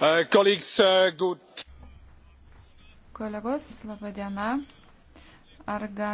Uh, uh, Kolegos, laba diena. Ar gali...